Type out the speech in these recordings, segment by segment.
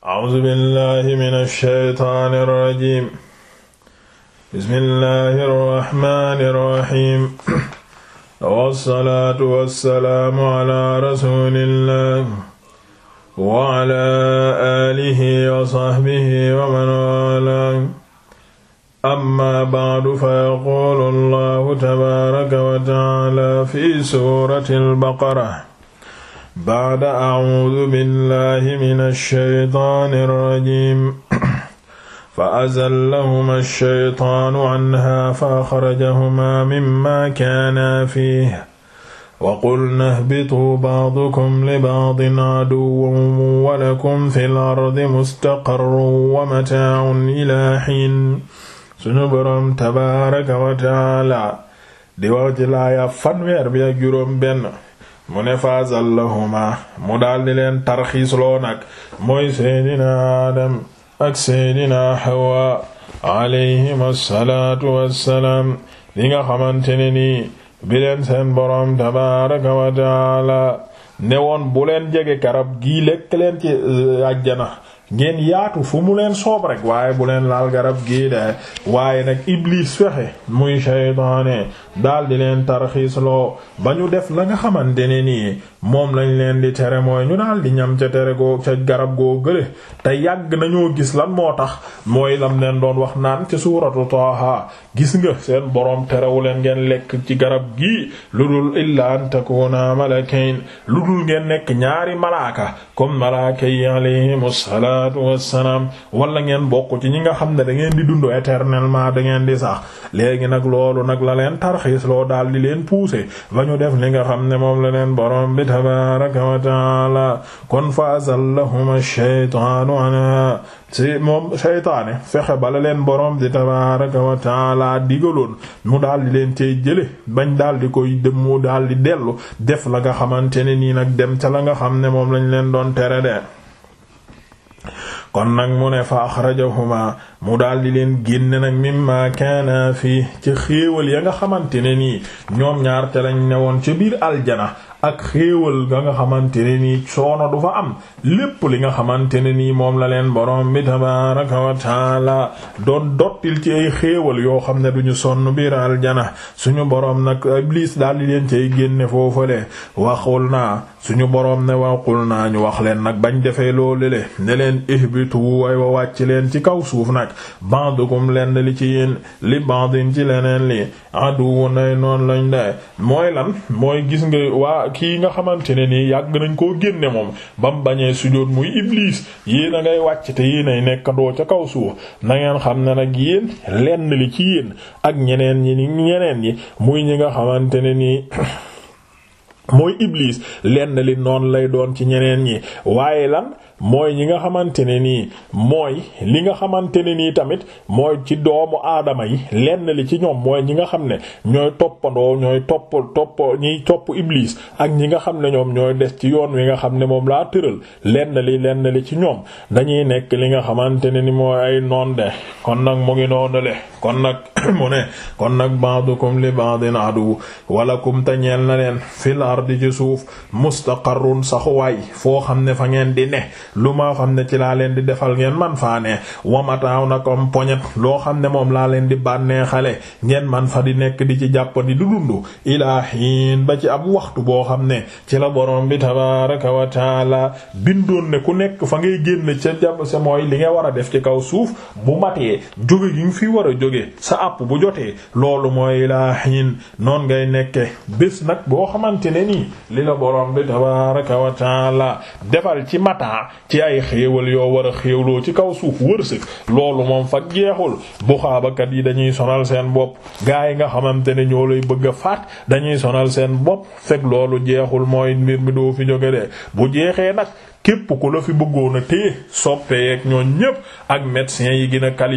A'uuzu billaahi mina shaytaani rajiim. Bismillaahi rahmaani rahiim. Wa salaatu wa salaamu ala rasuulillaah wa ala aalihi wa sahbihi wa man waalaah. Amma ba'du fa yaquulu Allaahu tabaaraka wa ta'aalaa fi suuratil baqara. baada acuudu billahi min alshaytaani alrajim fa azallahuma alshaytaanu canha fa axrajahumaa mimma kaanaa fiih wa qulna hbituu bacdukum libacdin caduwwun wa lakum fi lardi mustaqarrun wa mataacun ilaa xiin sunu boroom tabaaraka wa tacaala di wax ci laaya fanweer bi ak juróom benn mu ne faazallahuma mu daal di leen nag mooy seydina adam ak seydina hawa alayhim assalaatu wassalaam li nga xamante ne nii bi leen seen boroom tabaaraka wa taala ne woon karab gii lekk leen ci euh, àjjana ngeen yaatu fu mu leen soob rek waaye bu leen laal garab gii de waaye nag iblis fexe muy shaytaane daal di leen tarxiis ba ñu def la nga xamante ne nii moom lañ leen di tere mooy ñu daal di ñam ca tere goo ca garab goo gële te yàgg nañoo gis lan moo tax mooy lam leen doon wax naan ca suuratu Taaha gis nga seen boroom terewu leen ngeen lekk ci garab gii lu dul illaa an takuuna malakayn lu dul ngeen nekk ñaari malaaka comme malaaka yi alayhimu salaatu wassalaam wala ngeen bokk ci ñi nga xam ne da ngeen di dund éternellement da ngeen di sax léegi nag loolu nag la leen tarxiis loo daal leen pousser ba ñu tabaaraka wa kon fa azallahuma shaytaanu anha si moom shaytaane fexe bala leen borom di tabaaraka wa taala digaloon mu daal di leen cay jële bañ daal koy dem mu daal dellu def la nga xamante ne nii nag dem ca la nga xam ne moom lañ leen doon tere de kon nag mu fa axrajahuma mu daldi di leen génne nag mimma kaana fii ci xéewal ya nga xamante ne nii ñoom ñaar te lañ newoon ci biir aljana ak xéewal nga nga xamante ne nii coono du fa am lépp li nga xamante ne nii moom la leen borom bi tabaraka wa taala doon dottil ci ay xéewal yoo xam ne duñu sonn biir aljana suñu borom nag liis daal di leen cay génne foofale waxul naa suñu boroom ne waxul naa ñu wax leen nag bañ defee loolu le ne leen ihbitu way wa wàcc leen ci kaw suuf nag bandukum lenn li ci yéen li bandin ci leneen li aduwu nay noonu lañ de mooy lan mooy gis nga waa gaa kii nga xamante ne nii yàgg nañ koo génne moom ba mu bañee sujjóot muy iblis yéen na ngay wàcc te yéen nay nekkadoo ca kaw suuf nangeen xam ne nag yéen lenn li ci yéen ak ñeneen ñi ni ñeneen ñi muy ñi nga xamante ne nii mooy iblis lenn li noonu lay doon ci ñeneen ñi waaye lan mooy ñi nga xamante ne nii mooy li nga xamante ne nii tamit mooy ci doomu aadama yi lenn li ci ñoom mooy ñi nga xam ne ñooy toppandoo ñooy topp topp ñiy topp iblis ak ñi nga xam ne ñoom ñooy des ci yoon wi nga xam ne moom laa tëral lenn li lenn li ci ñoom dañuy nekk li nga xamante ne ni mooy ay noon de kon nag mu ngi noonu le kon nag. mu ne kon nag ba'dukum li ba'din adu walakum te ñeel na leen fil ardi ci suuf mustaqarrun saxuwaay foo xam ne fa ngeen di ne lu maa xam ne ci laa leen di defal ngeen man faa ne wamataaw na comme poñet loo xam ne moom laa leen di bànnee xale ngeen man fa di nekk di ci jàpp di du dund ilaa hiin ba ci ab waxtu boo xam ne ci la borom bi tabaaraka wa taala bindoon ne ku nekk fa ngay génn ca jàpp sa mooy li nga war a def ci kaw suuf bu matee jóge gi nga fi war àpp bu jotee loolu mooy ilaa hin noon ngay nekke bés nag boo xamante ne nii li la borom bi tabaraka wa la defal ci mataa ci ay xéewal yoo war a ci kaw suuf wërsëg loolu moom fa jeexul bu xaabakat yi dañuy sonal seen bopp gaa yi nga xamante ne ñoo lay bëgg a faat dañuy sonal seen bopp fekk loolu jeexul mooy mbir mi doo fi jóge de bu jeexee nag képp ku la fi bëggoon a soppee soppeek ñoon ñépp ak médecins yi gën a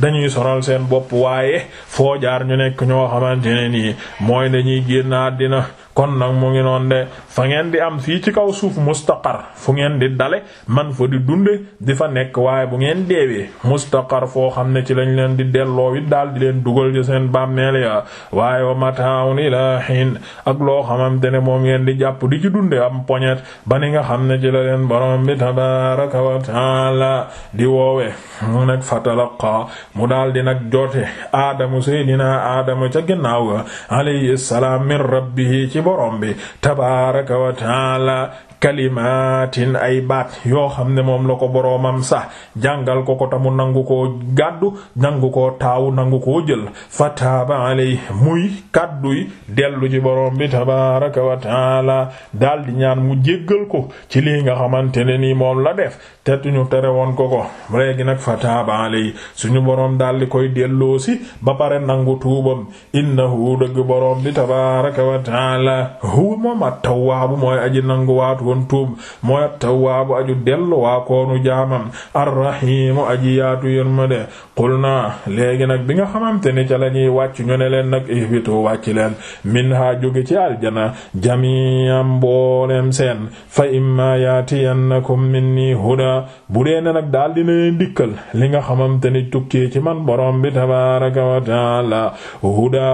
dañuy sonal seen bopp waaye foo jaar ñu nekk ñoo xamante ne nii mooy dañuy génn àddina kon nag mu ngi noon de fa ngeen di am fii ci kaw suuf mustaqar fu ngeen di dale man fa di dunde di fa nekk waaye bu ngeen deewee mustaqar foo xam ne ci lañ leen di delloo it daal di leen dugal ci seen bàmmeel ya waaye wa mata'un ila hin ak loo xamante ne moom ngeen di jàpp di ci dunde am poñet ba ni nga xam ne ci leen borom bi tabaraka wa taala di woowe mu nag fatalaqa mu dal di nag joote aadamu seydina aadamu ca ginnaaw ga alayhi salaam min rabbihi borom bi tabaaraka wa taala kalimaatin ay baat yoo xam ne moom la ko boroomam sax jàngal ko ko tamu nangu ko gàddu nangu ko taawu nangu ko jël fa taaba alay muy kàdduy dellu ci boroom bi tabaaraka wa taala daal di ñaan mu jéggal ko ci lii nga xamante ne nii moom la def te tuñu tere woon ko ko léegi nag fa taaba suñu boroom daal di koy delloosi ba pare nangu tuubam innahu dëgg boroom bi tabaaraka wa taala huwa moom at-tawwaabu mooy aji nanguwaatu woon tuub mooy ab tawwaabu aju dellu waa koonu jaamam arrahimu aji yaatu yërmande qulna léegi nag bi nga xamante ni ca la ñuy wàcc ñu ne leen nag ihbitu wàcc leen minha jóge ci aljana jami'an mboolem seen fa imma yatiyannakum minni huda bu dee ne nag daal dina leen dikkal li nga xamante ni tukkee ci man borom bi tabaraka wa taala huda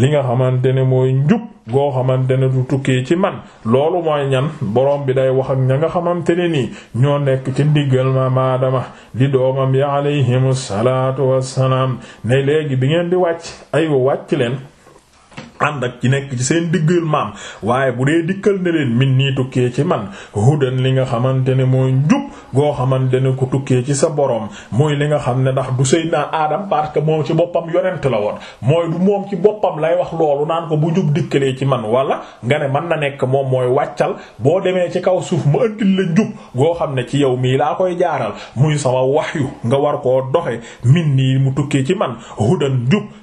li nga xamante ne mooy njub goo xamante ne du tukkee ci man loolu mooy ñan borom bi day wax ak ña nga xamante ne nii ñoo nekk ci ndiggal ma maadama di doomam ya alayhimu salaatu wassalaam ne léegi bi ngeen di wàcc aywa wàcc leen ànd ak ci nekk ci seen diggul maam waaye bu dee dikkal ne leen min nii tukkee ci man hudan li nga xamante ne mooy njub goo xamante ne ku tukkee ci sa boroom mooy li nga xam ne ndax du Seydina Adam parce que moom ci boppam yonent la woon mooy du ci boppam lay wax loolu naan ko bu njub dikkalee ci man wala nga ne mën na nekk moom mooy wàccal boo demee ci kaw suuf ma ëndil goo xam ne ci yow mii laa koy jaaral muy sama wahyu nga war koo doxe min nii mu tukkee ci man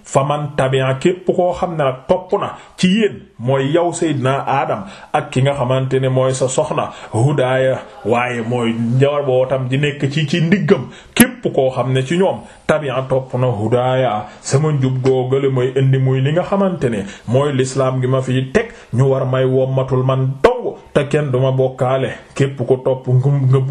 fa man tabi'a képp koo xam ne la topp sopp na ci yéen mooy yow Seydina Adam ak ki nga xamante ne mooy sa soxna hudaaya waaye mooy njabootam di nekk ci ci ndiggam képp koo xam ne ci ñoom tabi'a topp na hudaaya sama njub googale mooy indi muy li nga xamante ne mooy lislaam gi ma fi teg ñu war may wommatul man dong te kenn du ma bokkaale képp ko topp ngëb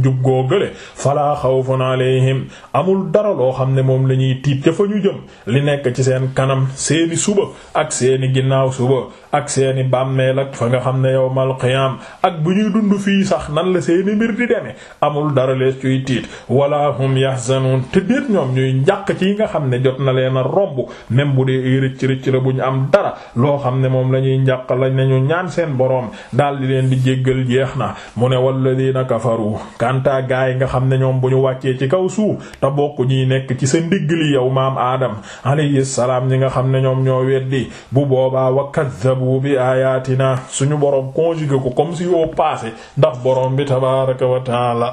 njub goo gële falaa xawfun alayhim amul dara loo xam ne moom la ñuy tiit ca fa ñu jëm li nekk ci seen kanam seeni suba ak seeni ginnaaw suba ak seeni bàmmeel ak fa nga xam ne yawmal qiyaam ak bu ñuy dund fii sax nan la seeni mbir di demee amul dara lees cuy tiit wala hum yahzanun te déet ñoom ñuy njàq ci yi nga xam ne jot na leen a romb même bu dee rëcc rëcc la bu ñu am dara loo xam ne moom la ñuy njàq lañ nañu ñaan seen boroom daal di leen di jéggal jeex na mu ne walladina kafaru kanta gaay nga xam ne ñoom bu ñu wàccee ci kaw suuf te bokk ñiy nekk ci sa ndigg li yow maam aadam alayhi salaam ñi nga xam ne ñoom ñoo weddi bu boobaa wa kaddabu bi ayatina suñu borom conjugué ko comme si yoo passé ndax borom bi tabaraka wa la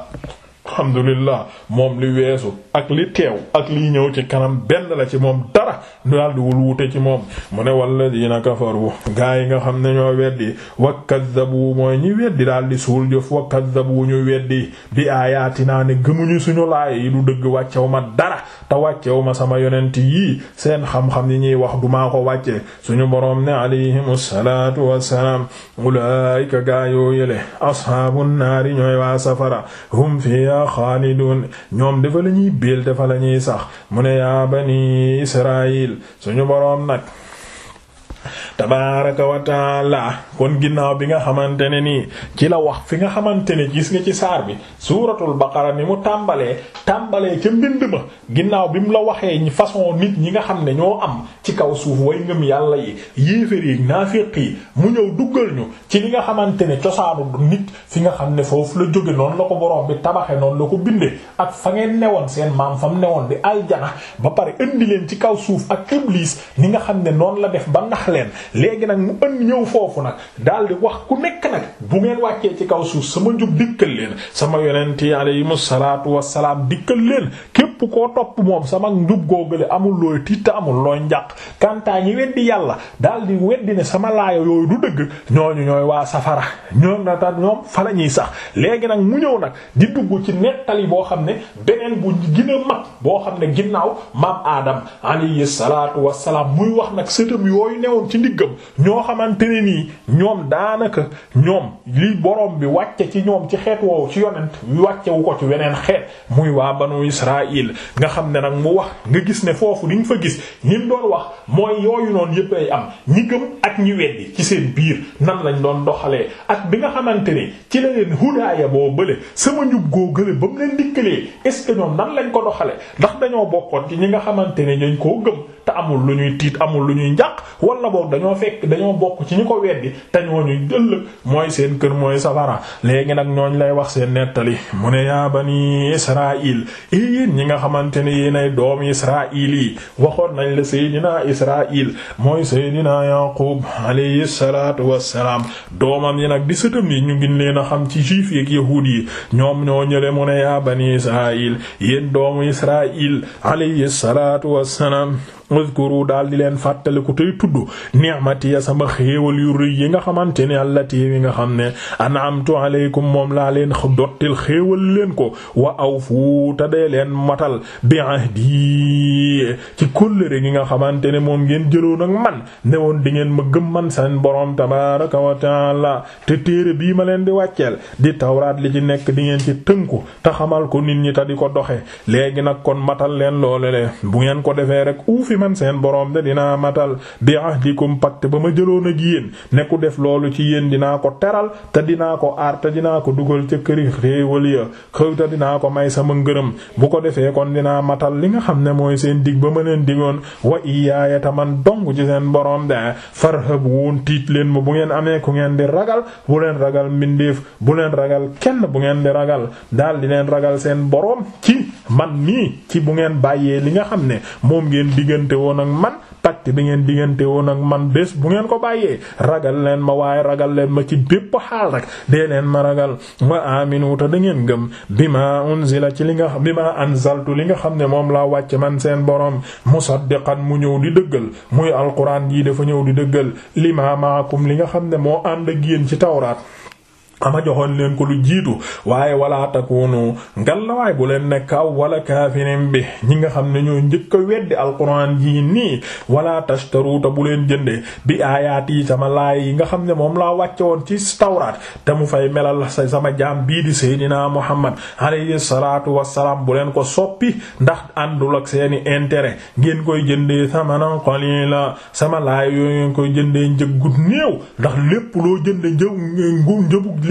alhamdulillah moom li weesu ak li teew ak li ñëw ci kanam benn la ci moom dara ñu daal wul wuute ci moom mu ne walladina kafaru gaa yi nga xam ne ñoo weddi wa kaddabu mooy ñi weddi daal di suul jëf wa kaddabu ñu weddi bi aayaatinaa ne gëmuñu suñu laay yi du dëgg wàccew ma dara te wàccew ma sama yonent yii seen xam-xam yi ñuy wax du maa ko wàcce suñu boroom ne alayhimu salaatu wassalaam ulaayika gaa yoo yële ashaabun ñooy waa safara hum fiya fiha xaalidun ñoom dafa la ñuy béel dafa la ñuy sax mu ne yaa bani israil suñu boroom nag tabaaraka wa taala kon ginnaaw bi nga xamante ne nii ci la wax fi nga xamante ne gis nga ci saar bi suuratul baqara ni mu tàmbalee tàmbalee ca mbind ma ginnaaw bi mu la waxee façon nit ñi nga xam ne ñoo am ci kaw suuf way ngëm yàlla yi yéeféer yi naafiq yi mu ñëw duggal ñu ci li nga xamante ne cosaanu nit fi nga xam ne foofu la jóge noonu la ko borom bi tabaxe noonu la ko binde ak fa ngeen newoon seen maam fa mu newoon di aljana ba pare indi leen ci kaw suuf ak iblis ni nga xam ne noonu la def ba leen léegi nag mu ënd ñëw foofu nag daal di wax ku nekk nag bu ngeen wàccee ci kaw suuf sama jub dikkal leen sama yonent yi alayhimu salaatu wassalaam dikkal leen képp koo topp moom sama njub googale amul looy tiit amul looy njàq kantaa ñi weddi yàlla dal di weddi ne sama laaya yooyu du dëgg ñooñu ñooy waa safara ñoom na tax ñoom fa la ñuy sax léegi nag mu ñëw nag di dugg ci nettali boo xam ne beneen bu boo xam ne ginnaaw maam Adam alayhi salaatu wassalaam muy wax nag sëtam yooyu newoon ci ndiggam ñoo xamante ne nii ñoom daanaka ñoom li borom bi wàcce ci ñoom ci xeet woowu ci yonent wàcce ko ci weneen xeet muy waa banu Israil Hind nga xam ne nag mu wax nga gis ne foofu li ñu fa gis ñim doon wax mooy yooyu noonu yëpp ay am ñi gëm ak ñi weddi ci seen biir nan lañ doon doxalee ak bi nga xamante ne ci la leen hudaaya boo bële sama njub goo gële ba mu leen dikkalee est nan lañ ko doxalee ndax dañoo bokkoon ci ñi nga xamante ne dañ ko gëm te amul lu ñuy tiit amul lu ñuy njàq wala boog dañoo fekk dañoo bokk ci ñu ko weddi te ñooñu ëllëg mooy seen kër mooy safara léegi nag ñooñ lay wax seen nettali xamante ne yéenay doom Israaïl yi waxoon nañ la Seydina Israaïl mooy Seydina Yaqub alayhi salaatu wassalaam doomam yi nag di sëtam yi ñu ngi leen xam ci juif yeek yahuud yi ñoom ñoo ñële mu ne yaa bani Israaïl yéen doomu Israaïl alayhi salaatu wassalaam uzkuru daal di leen fàttaliku tey tudd ni'matiya sama xéewal yu rëy yi nga xamante ne allati yi nga xam ne an'amtu alaykum moom laa leen dottil xéewal leen ko wa aw awfu te dee leen matal bi ahdi ci kóllëre gi nga xamante ne moom ngeen jëloon ak man ne woon di ngeen ma gëm man seen borom tabaraka wa taala te téere bii ma leen di wàcceel di tawraat li ci nekk di ngeen ci tënku te xamal ko nit ñi te di ko doxe léegi nag kon matal leen loole man seen borom de dinaa matal bi ahdikum pacte ba ma jëloon ak yéen ne def loolu ci yéen dinaa ko teral te dinaa ko aar te dinaa ko dugal ca këri xéewal ya xëw te dinaa ko may sama ngërëm bu ko defee kon dinaa matal li nga xam ne mooy seen dig ba ma leen digoon wa iyaaya ta man dong ci seen borom de farhab woon tiit leen ma bu ngeen amee ku ngeen di ragal bu leen ragal mbindeef bu leen ragal kenn bu ngeen di ragal daal di leen ragal seen borom diggante woon ak man pacte bi ngeen diggante woon ak man bés bu ngeen ko bàyyee ragal leen ma waaye ragal leen ma ci bépp xaal rek dee leen ma ragal wa aminu te da ngeen gëm bima unzila ci li nga xam bima anzaltu li nga xam ne moom laa wàcc man seen borom musaddiqan mu ñëw di dëggal muy alquran yi dafa ñëw di dëggal lima maakum li nga xam ne moo ànd ak yéen ci tawraat ama joxoon leen ko lu jiitu waaye wala takunu ngal la waay bu leen nekk aw wala kaafirin bi ñi nga xam ne ñoo njëkk a weddi alquran yi nii wala tashtaruta bu leen jëndee bi aayaat yi sama laay yi nga xam ne moom laa wàcce woon ci tawraat te mu fay melal sa sama jaam bii di seydina muhammad alayhi salaatu wassalaam bu leen ko soppi ndax àndul seeni intérêt ngeen koy jëndee samanan qalila sama laay yooyu ngeen koy jëndee njëg gu néew ndax lépp loo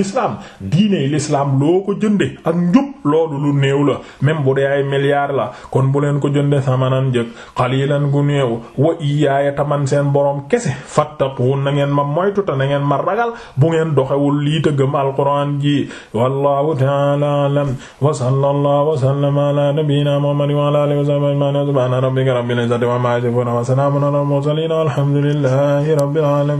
l'islam diiney l'islam loo ko jënde ak njub loolu lu néew la même bu dee ay milliards la kon bu leen ko jënde samanan njëg xalilan wa iyaaya taman seen borom kese fattaqun na ngeen ma moytu te na ngeen ma ragal bu ngeen doxewul lii te gëm alquran ji wallahu ta'ala alam wa sallallahu wa sallama ala ma muhammadin wa ala alihi wa sahbihi subhana rabbika rabbil izzati amma yasifun wa salamun ala al mursalin walhamdulillahi rabbil alamin